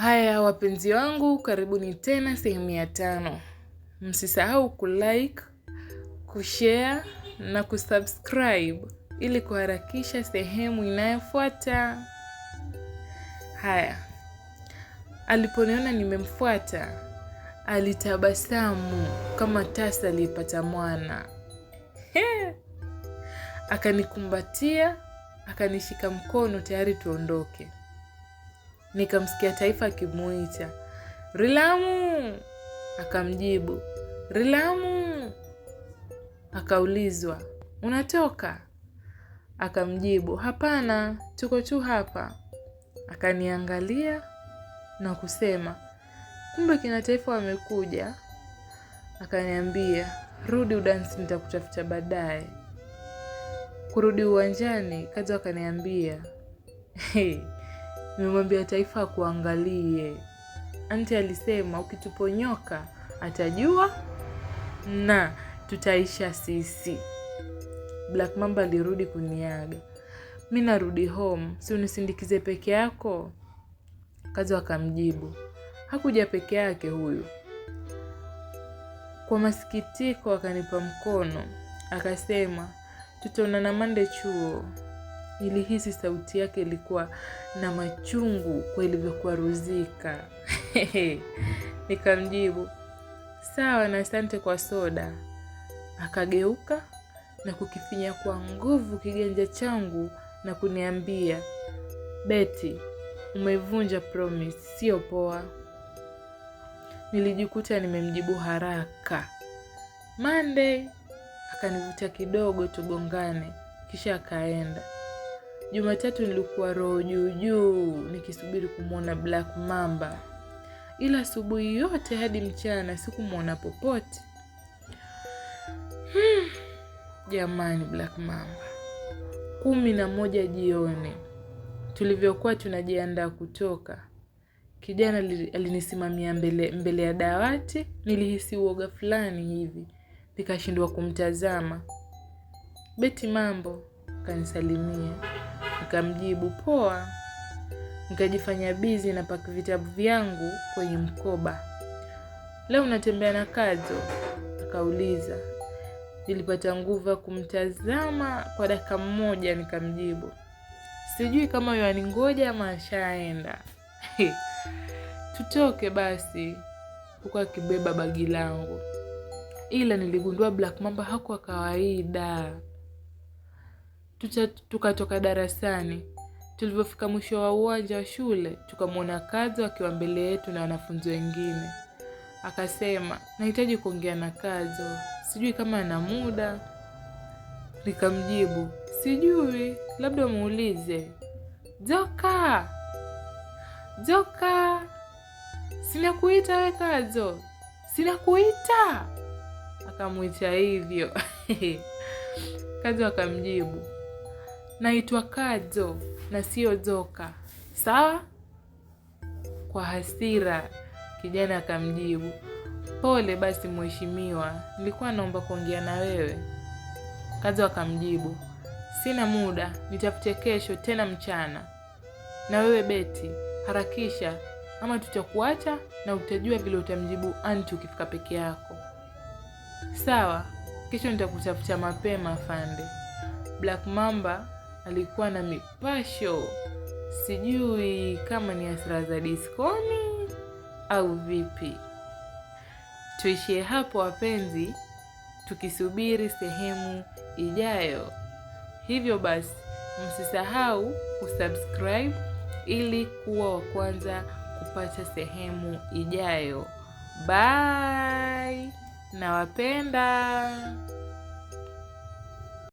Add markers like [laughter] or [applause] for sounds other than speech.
Haya wapenzi wangu, karibuni tena sehemu ya tano. Msisahau kulike, kushare na kusubscribe ili kuharakisha sehemu inayofuata. Haya, aliponiona nimemfuata alitabasamu kama tasa aliyepata mwana. Akanikumbatia, akanishika mkono tayari tuondoke. Nikamsikia Taifa akimuita Rilamu, akamjibu Rilamu. Akaulizwa unatoka? Akamjibu hapana, tuko tu hapa. Akaniangalia na kusema kumbe kina Taifa wamekuja. Akaniambia rudi udansi, nitakutafuta baadaye. Kurudi uwanjani, kaza wakaniambia, [laughs] hey, nimemwambia Taifa akuangalie. Anti alisema ukituponyoka atajua na tutaisha sisi. Black Mamba alirudi kuniaga, mi narudi home, si unisindikize peke yako? Kazi akamjibu hakuja peke yake huyu. Kwa masikitiko, akanipa mkono akasema tutaonana mande chuo. Nilihisi sauti yake ilikuwa na machungu kwa ilivyokwaruzika. [laughs] Nikamjibu, sawa na asante kwa soda. Akageuka na kukifinya kwa nguvu kiganja changu na kuniambia, Beti, umevunja promise, sio poa. Nilijikuta nimemjibu haraka, Monday. Akanivuta kidogo tugongane, kisha akaenda. Jumatatu nilikuwa roho juu juu nikisubiri kumwona Black Mamba, ila asubuhi yote hadi mchana sikumwona popote. Hmm, jamani, Black Mamba. Kumi na moja jioni tulivyokuwa tunajiandaa kutoka, kijana alinisimamia mbele, mbele ya dawati. Nilihisi uoga fulani hivi, nikashindwa kumtazama. Beti mambo Akanisalimia, nikamjibu poa. Nikajifanya bizi na paki vitabu vyangu kwenye mkoba. Leo unatembea na Kazo? Akauliza. Nilipata nguvu ya kumtazama kwa dakika mmoja, nikamjibu sijui kama yoani ngoja ama ashaenda. [laughs] Tutoke basi, huku akibeba bagi langu, ila niligundua Black Mamba hakuwa kawaida. Tucha tukatoka darasani. Tulivyofika mwisho wa uwanja wa shule, tukamwona Kazo akiwa mbele yetu na wanafunzi wengine. Akasema, nahitaji kuongea na Kazo, sijui kama ana muda. Nikamjibu, sijui, labda muulize. Joka, Joka, sinakuita we Kazo, sinakuita. Akamwita hivyo [laughs] Kazo akamjibu naitwa kazo na sio Zoka, sawa? Kwa hasira kijana akamjibu, pole basi mheshimiwa, nilikuwa naomba kuongea na wewe. kazo akamjibu, sina muda, nitafute kesho tena mchana. Na wewe Beti, harakisha ama tutakuacha na utajua vile utamjibu anti ukifika peke yako. Sawa, kesho nitakutafuta mapema afande. Black Mamba alikuwa na mipasho, sijui kama ni asira za diskoni au vipi. Tuishie hapo wapenzi, tukisubiri sehemu ijayo. Hivyo basi, msisahau kusubscribe ili kuwa wa kwanza kupata sehemu ijayo. Bye, nawapenda.